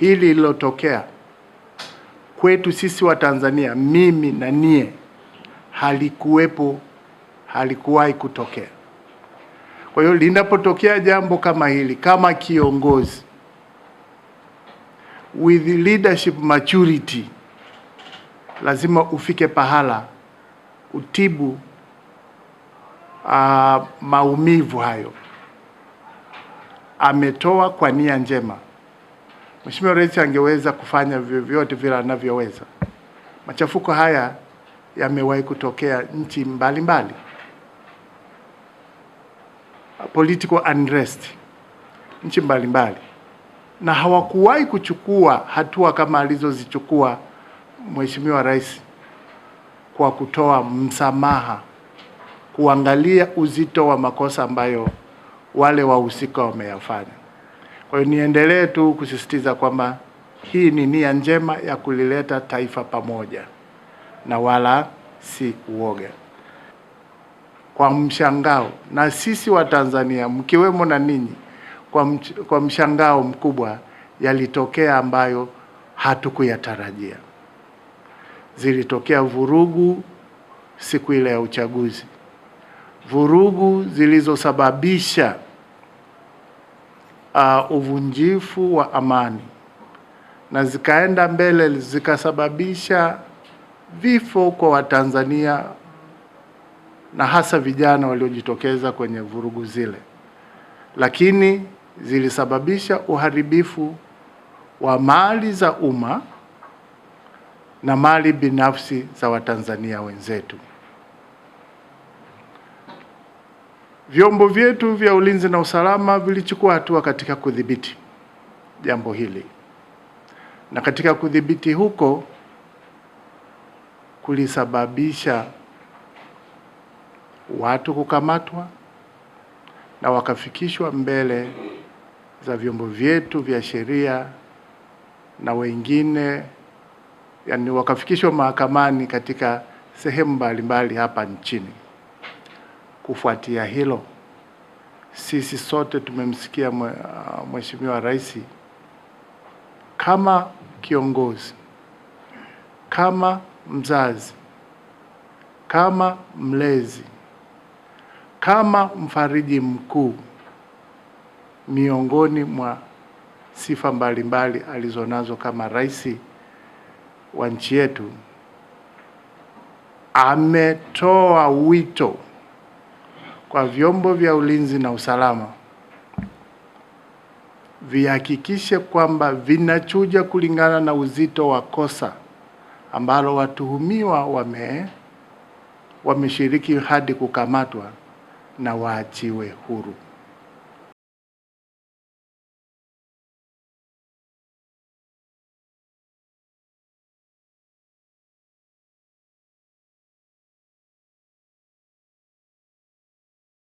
hili lilotokea kwetu sisi wa Tanzania, mimi na nie, halikuwepo, halikuwahi kutokea. Kwa hiyo linapotokea jambo kama hili, kama kiongozi with leadership maturity, lazima ufike pahala utibu uh, maumivu hayo. Ametoa kwa nia njema. Mheshimiwa Rais angeweza kufanya vyovyote vile anavyoweza. Machafuko haya yamewahi kutokea nchi mbalimbali mbali. Political unrest nchi mbalimbali mbali. Na hawakuwahi kuchukua hatua kama alizozichukua Mheshimiwa Rais kwa kutoa msamaha, kuangalia uzito wa makosa ambayo wale wahusika wameyafanya. Kwa hiyo niendelee tu kusisitiza kwamba hii ni nia njema ya kulileta taifa pamoja na wala si uoga. Kwa mshangao na sisi wa Tanzania mkiwemo na ninyi, kwa, mch kwa mshangao mkubwa yalitokea ambayo hatukuyatarajia. Zilitokea vurugu siku ile ya uchaguzi, vurugu zilizosababisha uh, uvunjifu wa amani na zikaenda mbele zikasababisha vifo kwa Watanzania na hasa vijana waliojitokeza kwenye vurugu zile, lakini zilisababisha uharibifu wa mali za umma na mali binafsi za Watanzania wenzetu. Vyombo vyetu vya ulinzi na usalama vilichukua hatua katika kudhibiti jambo hili, na katika kudhibiti huko kulisababisha watu kukamatwa na wakafikishwa mbele za vyombo vyetu vya sheria na wengine yani, wakafikishwa mahakamani katika sehemu mbalimbali hapa nchini. Kufuatia hilo, sisi sote tumemsikia uh, Mheshimiwa Rais kama kiongozi, kama mzazi, kama mlezi, kama mfariji mkuu, miongoni mwa sifa mbalimbali alizonazo kama rais wa nchi yetu, ametoa wito kwa vyombo vya ulinzi na usalama vihakikishe kwamba vinachuja kulingana na uzito wa kosa ambalo watuhumiwa wame wameshiriki hadi kukamatwa na waachiwe huru.